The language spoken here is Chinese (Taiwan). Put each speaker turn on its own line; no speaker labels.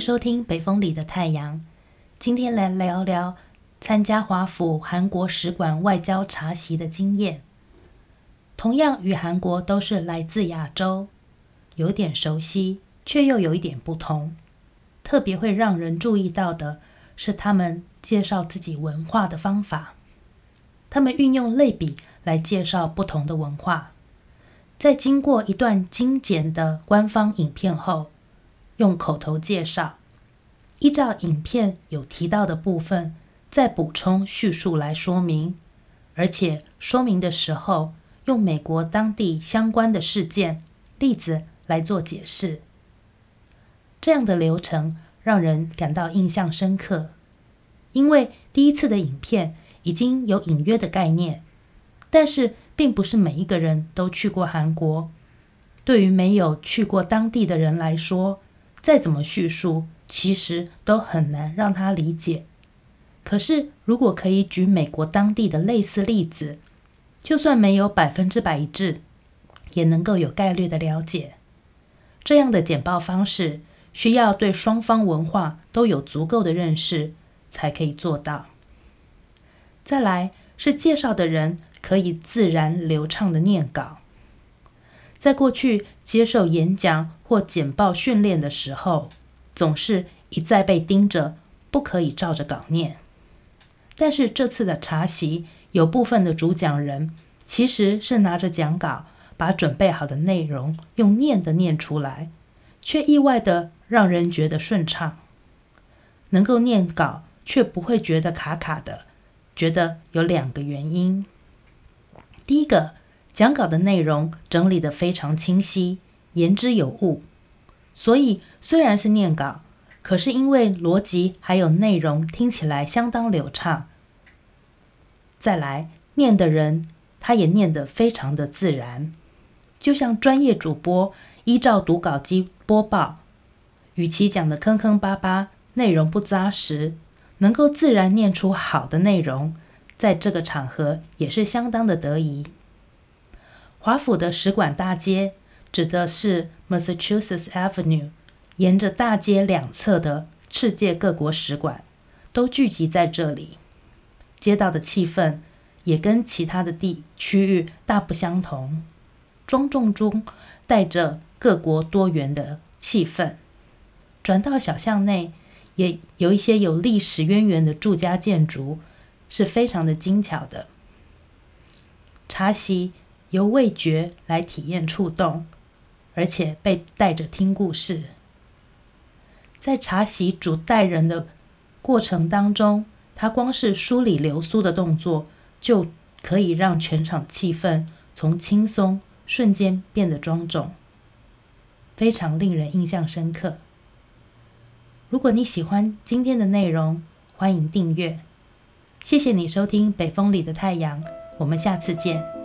收聽北風裡的太陽，今天來聊聊參加華府韓國使館外交茶席的經驗。同樣與韓國都是來自亞洲，有點熟悉，却又有一點不同。特別會讓人注意到的是，他們介紹自己文化的方法。他們運用類比來介紹不同的文化。在經過一段精簡的官方影片後。用口頭介紹，依照影片有提到的部分，再補充敘述來說明，而且說明的時候用美國當地相關的事件例子來做解釋。這樣的流程讓人感到印象深刻，因為第一次的影片已經有隱約的概念，但是並不是每一個人都去過韓國，對於沒有去過當地的人來說。再怎麼敘述，其實都很難讓他理解。可是，如果可以舉美國當地的類似例子，就算沒有百分之百一致，也能夠有概略的了解。這樣的簡報方式，需要對雙方文化都有足夠的認識，才可以做到。再來，是介紹的人可以自然流暢的念稿。在過去接受演講或簡報訓練的時候，總是一再被盯着，不可以照着稿念。但是這次的茶席，有部分的主講人其實是拿着講稿，把準備好的內容用念的念出來，卻意外的讓人覺得順暢，能夠念稿卻不會覺得卡卡的，覺得有兩個原因。第一個。講稿的內容整理得非常清晰，言之有物，所以雖然是唸稿，可是因為邏輯還有內容聽起來相當流暢。再來，唸的人他也唸得非常的自然，就像專業主播依照讀稿機播報，與其講的坑坑巴巴，內容不紮實，能夠自然唸出好的內容，在這個場合也是相當的得宜。華府的使館大街指的是 Massachusetts Avenue，沿着大街兩側的世界各國使館都聚集在這裡。街道的氣氛也跟其他的地區域大不相同，莊重中帶着各國多元的氣氛。轉到小巷內，也有一些有歷史淵源的住家建築，是非常的精巧的。茶席。由味覺來體驗觸動，而且被帶着聽故事。在茶席主待人的過程當中，他光是梳理流蘇的動作，就可以讓全場氣氛從輕鬆瞬間變得莊重，非常令人印象深刻。如果你喜歡今天的內容，歡迎訂閱。謝謝你收聽《北風裡的太陽》，我們下次見。